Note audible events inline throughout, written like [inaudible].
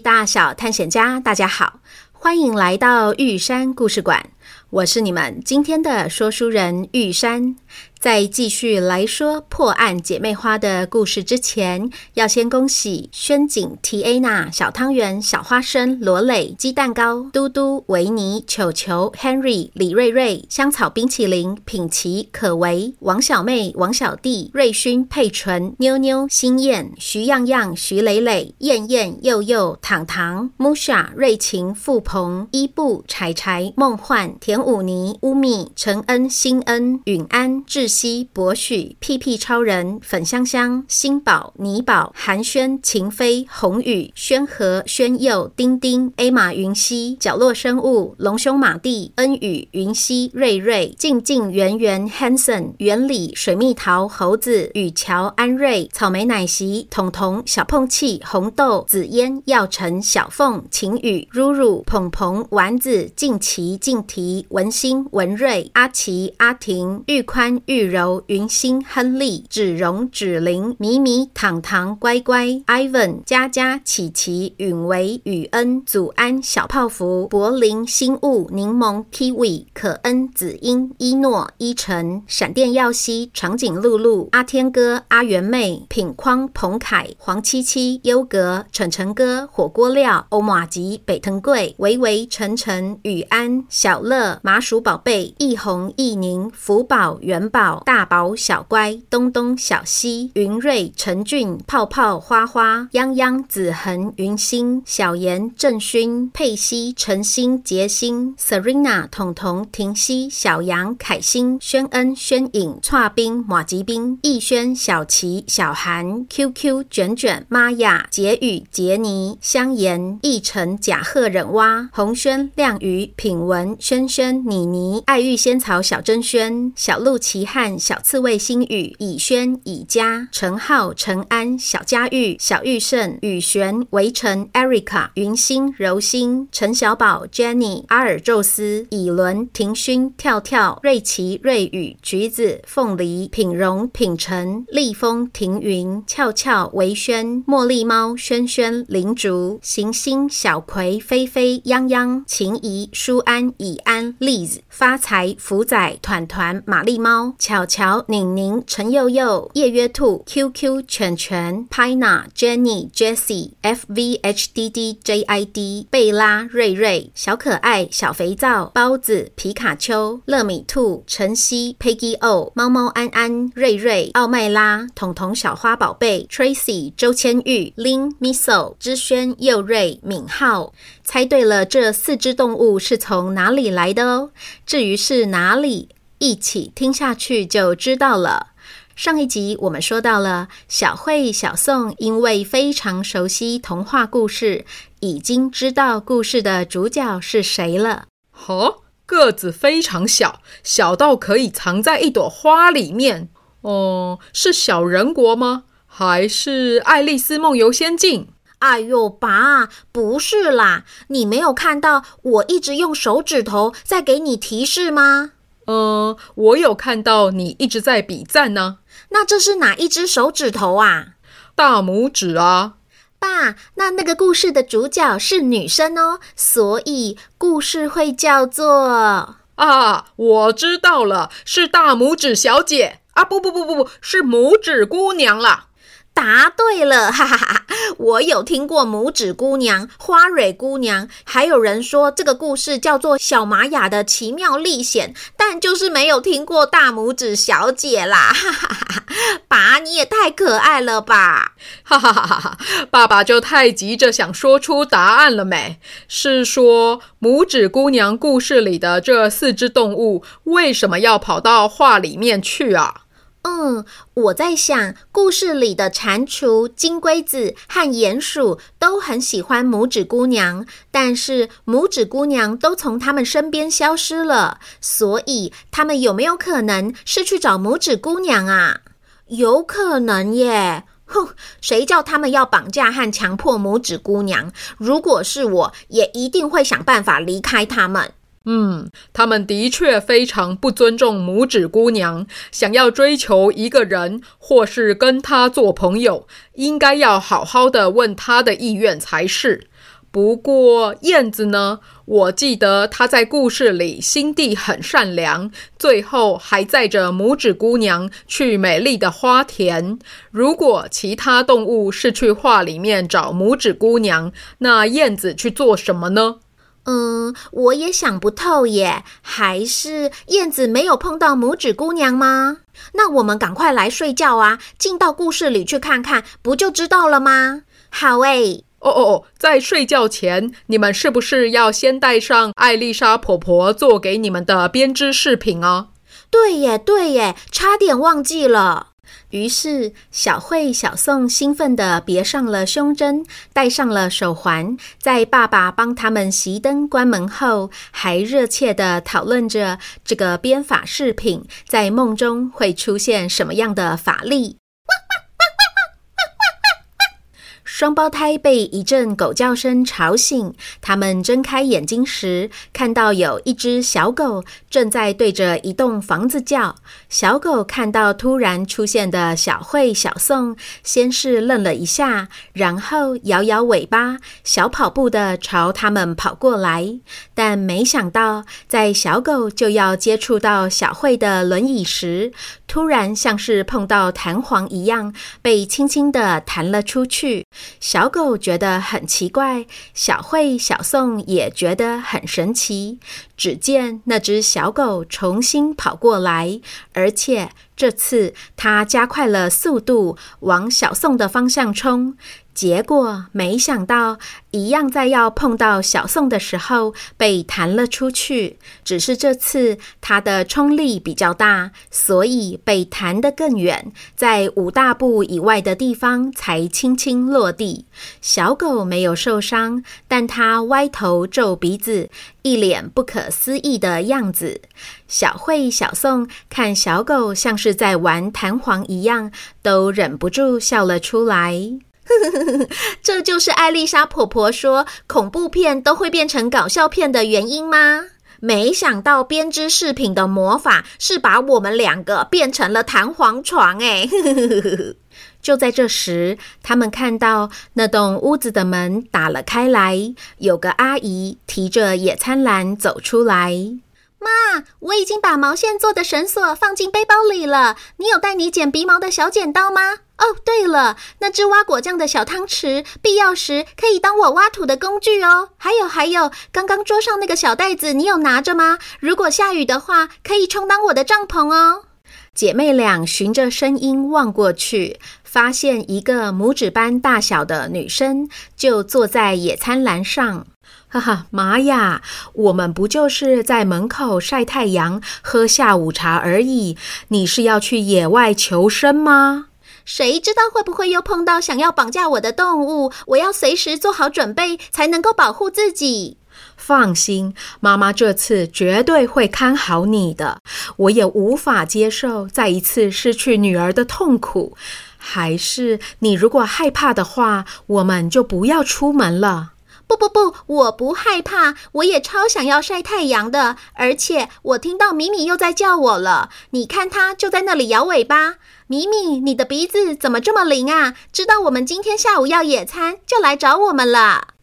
大小探險家，大家好，歡迎來到玉山故事館，我是你們今天的說書人玉山。在繼續來說破案姐妹花的故事之前，要先恭喜軒景、Tina、小湯圓、小花生、羅蕾、雞蛋糕、嘟嘟、維尼、球球、Henry、李瑞瑞、香草冰淇淋、品奇、可唯、王小妹、王小弟、瑞勳、佩純、妞妞、新燕、徐漾漾、徐蕾蕾、燕燕、佑佑、糖糖、Musha 瑞、瑞晴、付鵬、伊布、柴柴、夢幻、田武尼、烏米、陳恩、新恩、允安、智。西博許屁屁超人粉香香星寶尼寶寒暄晴飛紅雨軒和軒佑丁丁 A 馬雲溪角落生物龍兄馬蒂恩雨雲溪瑞瑞靜靜圓圓 Hanson 原禮水蜜桃猴子雨橋安瑞草莓奶昔彤彤小碰氣紅豆紫煙藥塵、小鳳晴雨 Ruru 鵬鵬、丸子靜，靜琪靜提文興文瑞阿奇阿婷玉寬玉寬。玉玉柔、雲心、亨利、芷容、芷玲、米米、糖糖、乖乖、Ivan、佳佳、琪琪、允維、雨恩、祖安、小泡芙、柏林、新物、檸檬、Kiwi、可恩、紫英、一諾、伊晨、閃電、耀西、長頸鹿鹿、阿天哥、阿元妹、品框、彭凱、黃七七、優格、蠢蠢哥、火鍋料、歐瑪吉、北藤貴、維維、晨晨、雨安、小樂、麻薯寶貝、一紅、一寧、福寶、元寶。大寶、小乖、東東、小西、雲瑞、陳俊、泡泡、花花、泱泱、子恆、雲星、小妍、鄭勳、佩西、陳星、杰星、Serena、彤彤、婷西、小楊、凱星、軒恩、軒穎、串兵、馬吉兵、逸軒、小琪、小韓、QQ、卷卷、媽呀、杰宇、杰尼、香妍、逸晨、賈赫忍蛙、紅軒、亮宇、品文、軒軒、妮妮、愛玉仙草、小珍軒、小陸奇。看小刺蝟心雨、以軒、以佳、陳浩、陳安、小佳玉、小玉勝、雨璇、圍城、Erica、雲星、柔心、陳小寶、Jenny、阿爾宙斯、以倫、廷勳、勳、跳跳、瑞奇、瑞宇、橘子、鳳梨、品榮、品成、立峰、庭雲、俏俏、維軒、茉莉貓、軒軒、靈竹、行星、小葵、菲菲、泱泱、晴怡、舒安、以安、Liz、發財、福仔、團團、瑪麗貓。巧巧、寧寧、陳佑佑、夜約兔、Q Q、犬犬、Pina、Jenny、Jessie、F V H D D J I D、貝拉、瑞瑞、小可愛、小肥皂、包子、皮卡丘、樂米兔、晨曦、Peggy O、貓貓安安、瑞瑞、奧麥拉、彤彤、小花寶貝、Tracy、周千玉、Lin Missile、芝萱、佑瑞、敏浩，猜對了，這四隻動物是從哪裡來的哦？至於是哪裡？一起聽下去就知道了。上一集我們說到了小繪、小頌，因為非常熟悉童話故事，已經知道故事的主角是誰了。哦，個子非常小，小到可以藏在一朵花裡面。哦、嗯，是小人國嗎？還是《愛麗絲夢遊仙境》？哎呦，爸，不是啦！你沒有看到我一直用手指頭在給你提示嗎？嗯，我有看到你一直在比讚呢、啊。那這是哪一只手指頭啊？大拇指啊，爸。那那個故事的主角是女生哦，所以故事會叫做……啊，我知道了，是大拇指小姐啊！不不不不不，是拇指姑娘啦。答對了，哈，哈哈哈！我有聽過《拇指姑娘》、《花蕊姑娘》，還有人說這個故事叫做《小瑪雅的奇妙歷險》，但就是沒有聽過大拇指小姐啦。哈哈哈，哈，爸，你也太可愛了吧！哈，哈哈哈！爸爸就太急着想說出答案了沒？是說《拇指姑娘》故事裡的這四隻動物為什麼要跑到畫裡面去啊？嗯，我在想，故事裡的蟾蜍、金龜子和鼴鼠都很喜歡拇指姑娘，但是拇指姑娘都從他們身邊消失了，所以他們有沒有可能是去找拇指姑娘啊？有可能耶！哼，誰叫他們要綁架和強迫拇指姑娘？如果是我，也一定會想辦法離開他們。嗯，他們的確非常不尊重拇指姑娘。想要追求一個人或是跟他做朋友，應該要好好的問他的意願才是。不過燕子呢？我記得他在故事裡心地很善良，最後還載着拇指姑娘去美麗的花田。如果其他動物是去畫裡面找拇指姑娘，那燕子去做什麼呢？嗯，我也想不透耶，還是燕子沒有碰到拇指姑娘嗎？那我們趕快來睡覺啊！進到故事裡去看看，不就知道了嗎？好誒、欸！哦哦哦，在睡覺前，你們是不是要先戴上艾麗莎婆婆做給你們的編織飾品啊？對耶，對耶，差點忘記了。於是，小繪、小頌興奮地別上了胸針，戴上了手環。在爸爸幫他們熄燈關門後，還熱切地討論着這個編法飾品在夢中會出現什麼樣的法力。雙胞胎被一陣狗叫聲吵醒，他們睜開眼睛時，看到有一隻小狗正在對着一棟房子叫。小狗看到突然出現的小慧、小宋，先是愣了一下，然後搖搖尾巴，小跑步地朝他們跑過來。但沒想到，在小狗就要接觸到小慧的輪椅時，突然，像是碰到彈簧一樣，被輕輕地彈了出去。小狗覺得很奇怪，小繪、小頌也覺得很神奇。只見那隻小狗重新跑過來，而且這次它加快了速度，往小頌的方向衝。結果沒想到，一樣在要碰到小頌的時候被彈了出去。只是這次它的衝力比較大，所以被彈得更遠，在五大步以外的地方才輕輕落地。小狗沒有受傷，但它歪頭皺鼻子，一臉不可思議的樣子。小繪、小頌看小狗像是在玩彈簧一樣，都忍不住笑了出來。 [laughs] 這就是艾麗莎婆婆說恐怖片都會變成搞笑片的原因嗎？沒想到編織飾品的魔法是把我們兩個變成了彈簧床哎！ [laughs] 就在這時，他們看到那棟屋子的門打了開來，有個阿姨提着野餐籃走出來。媽，我已經把毛線做的繩索放進背包裡了。你有帶你剪鼻毛的小剪刀嗎？哦，對了，那只挖果醬的小湯匙，必要時可以當我挖土的工具哦。還有，還有，剛剛桌上那個小袋子，你有拿着嗎？如果下雨的話，可以充當我的帳篷哦。姐妹倆循着聲音望過去。發現一個拇指般大小的女生就坐在野餐籃上，哈哈，媽呀！我們不就是在門口曬太陽、喝下午茶而已？你是要去野外求生嗎？誰知道會不會又碰到想要綁架我的動物？我要隨時做好準備，才能夠保護自己。放心，媽媽這次絕對會看好你的。我也無法接受再一次失去女兒的痛苦。還是你如果害怕的話，我們就不要出門了。不不不，我不害怕，我也超想要曬太陽的。而且我聽到米米又在叫我了，你看它就在那裡搖尾巴。米米，你的鼻子怎麼這麼靈啊？知道我們今天下午要野餐，就來找我們了。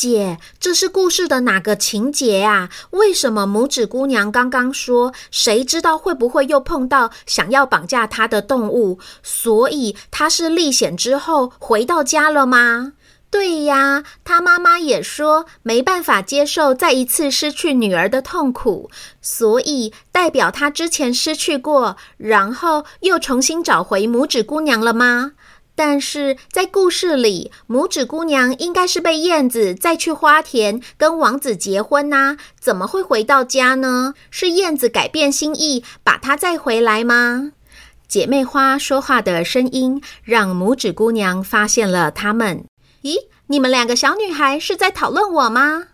姐，這是故事的哪個情節啊？為什麼拇指姑娘剛剛說，誰知道會不會又碰到想要綁架她的動物？所以她是歷險之後回到家了嗎？對呀，她媽媽也說沒辦法接受再一次失去女兒的痛苦，所以代表她之前失去過，然後又重新找回拇指姑娘了嗎？但是在故事裡，拇指姑娘應該是被燕子載去花田跟王子結婚吶、啊，怎麼會回到家呢？是燕子改變心意，把她載回來嗎？姐妹花說話的聲音讓拇指姑娘發現了她們。咦，你們兩個小女孩是在討論我嗎？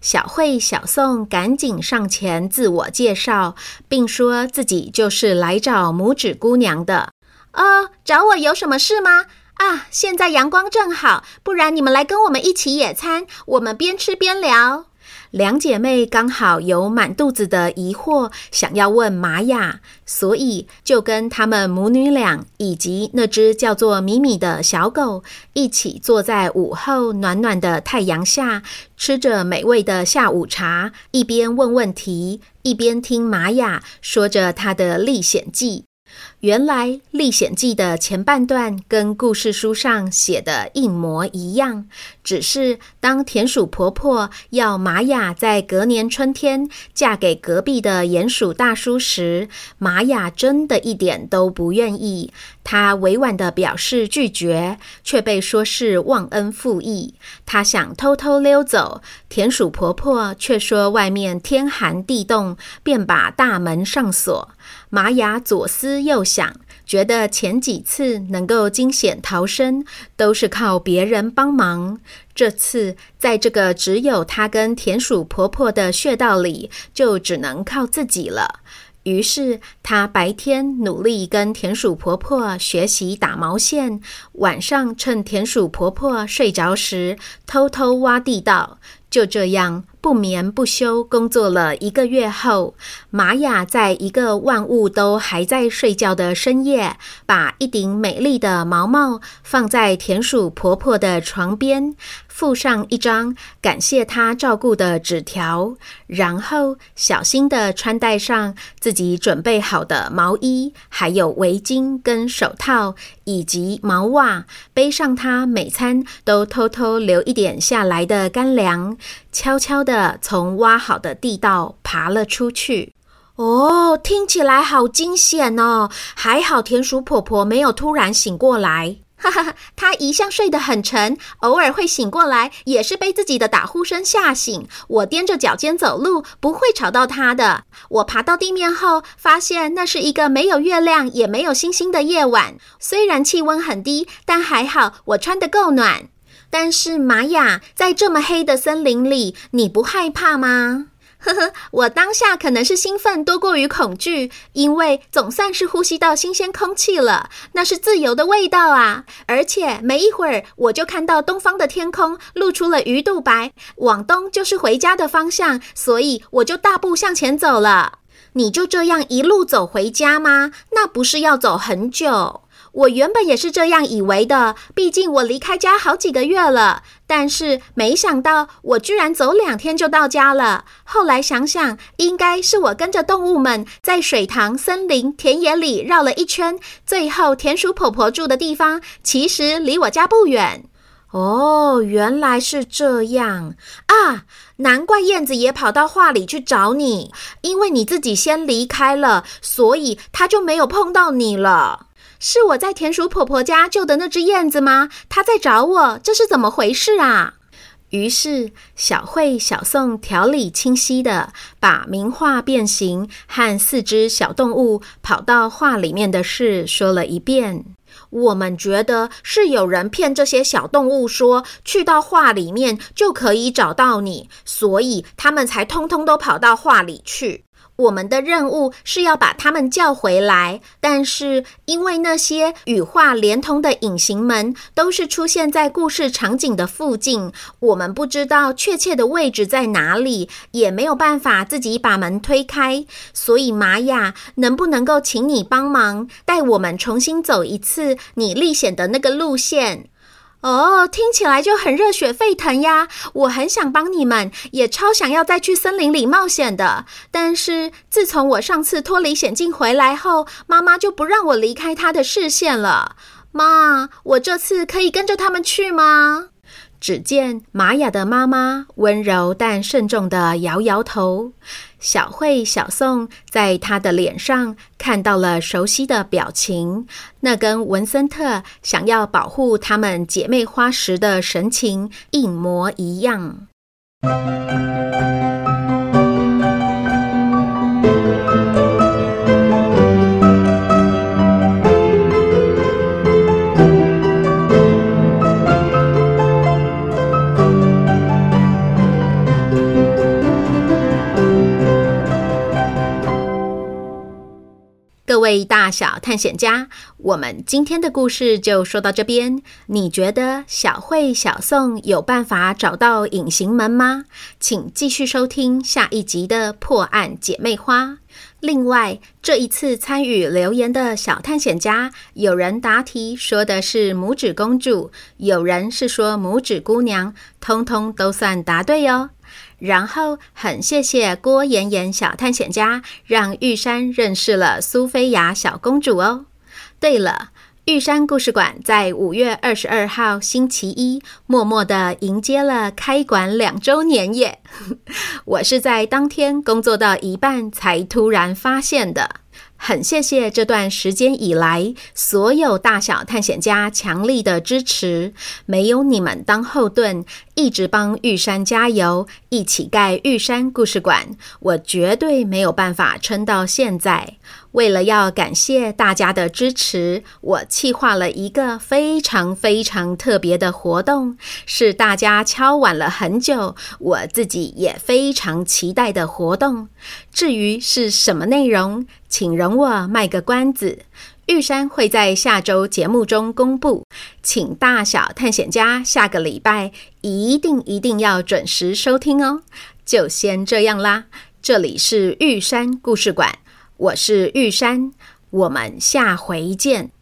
小繪、小頌趕緊上前自我介紹，並說自己就是來找拇指姑娘的。哦，找我有什麼事嗎？啊，現在陽光正好，不然你們來跟我們一起野餐，我們邊吃邊聊。兩姐妹剛好有滿肚子的疑惑，想要問瑪雅，所以就跟她們母女倆以及那隻叫做米米的小狗一起坐在午後暖暖的太陽下，吃着美味的下午茶，一邊問問題，一邊聽瑪雅說着她的歷險記。原來《歷險記》的前半段跟故事書上寫的一模一樣，只是當田鼠婆婆要瑪雅在隔年春天嫁給隔壁的鼴鼠大叔時，瑪雅真的一點都不願意。她委婉地表示拒絕，卻被說是忘恩負義。她想偷偷溜走，田鼠婆婆卻說外面天寒地凍，便把大門上鎖。瑪雅左思右想，覺得前幾次能夠驚險逃生，都是靠別人幫忙。這次在這個只有她跟田鼠婆婆的穴道裡，就只能靠自己了。於是，她白天努力跟田鼠婆婆學習打毛線，晚上趁田鼠婆婆睡着時偷偷挖地道。就這樣不眠不休工作了一個月後，瑪雅在一個萬物都還在睡覺的深夜，把一頂美麗的毛帽放在田鼠婆婆的床邊。附上一張感謝他照顧的紙條，然後小心地穿戴上自己準備好的毛衣，還有圍巾跟手套，以及毛襪，背上他每餐都偷偷留一點下來的乾糧，悄悄地從挖好的地道爬了出去。哦，聽起來好驚險哦！還好田鼠婆婆沒有突然醒過來。哈哈哈，他一向睡得很沉，偶爾會醒過來，也是被自己的打呼聲嚇醒。我踮着腳尖走路，不會吵到他的。我爬到地面後，發現那是一個沒有月亮也沒有星星的夜晚。雖然氣溫很低，但還好我穿得夠暖。但是瑪雅，在這麼黑的森林裡，你不害怕嗎？呵呵，我當下可能是興奮多過於恐懼，因為總算是呼吸到新鮮空氣了，那是自由的味道啊。而且沒一會兒，我就看到東方的天空露出了魚肚白，往東就是回家的方向，所以我就大步向前走了。你就這樣一路走回家嗎？那不是要走很久。我原本也是這樣以為的，畢竟我離開家好幾個月了。但是沒想到，我居然走兩天就到家了。後來想想，應該是我跟着動物們在水塘、森林、田野裡繞了一圈，最後田鼠婆婆住的地方其實離我家不遠。哦，原來是這樣啊！難怪燕子也跑到畫裡去找你，因為你自己先離開了，所以她就沒有碰到你了。是我在田鼠婆婆家救的那隻燕子嗎？它在找我，這是怎麼回事啊？於是小繪、小頌條理清晰地把名畫變形和四隻小動物跑到畫裡面的事說了一遍。我們覺得是有人騙這些小動物說去到畫裡面就可以找到你，所以他們才通通都跑到畫裡去。我們的任務是要把他們叫回來，但是因為那些羽化連通的隱形門都是出現在故事場景的附近，我們不知道確切的位置在哪裡，也沒有辦法自己把門推開，所以瑪雅，能不能夠請你幫忙帶我們重新走一次你歷險的那個路線？哦，聽起來就很熱血沸騰呀！我很想幫你們，也超想要再去森林裡冒險的。但是自從我上次脫離險境回來後，媽媽就不讓我離開她的視線了。媽，我這次可以跟着他們去嗎？只見瑪雅的媽媽溫柔但慎重的搖搖頭，小繪、小頌在她的臉上看到了熟悉的表情，那跟文森特想要保護她們姐妹花時的神情一模一樣。 [music] 大小探險家，我們今天的故事就說到這邊。你覺得小繪、小頌有辦法找到隱形門嗎？請繼續收聽下一集的《破案姊妹花》。另外，這一次參與留言的小探險家，有人答題說的是拇指公主，有人是說拇指姑娘，通通都算答對哦。然後很謝謝郭妍妍小探險家，讓玉山認識了蘇菲亞小公主哦。對了，玉山故事館在五月二十二號星期一，默默地迎接了開館兩週年耶！ [laughs] 我是在當天工作到一半才突然發現的。很謝謝這段時間以來所有大小探險家強力的支持，沒有你們當後盾，一直幫玉山加油，一起蓋玉山故事館，我絕對沒有辦法撐到現在。為了要感謝大家的支持，我企劃了一個非常非常特別的活動，是大家敲碗了很久，我自己也非常期待的活動。至於是什麼內容，請容我賣個關子，玉山會在下周節目中公布，請大小探險家下個禮拜一定一定要準時收聽哦。就先這樣啦，這裡是玉山故事館。我是玉山，我們下回見。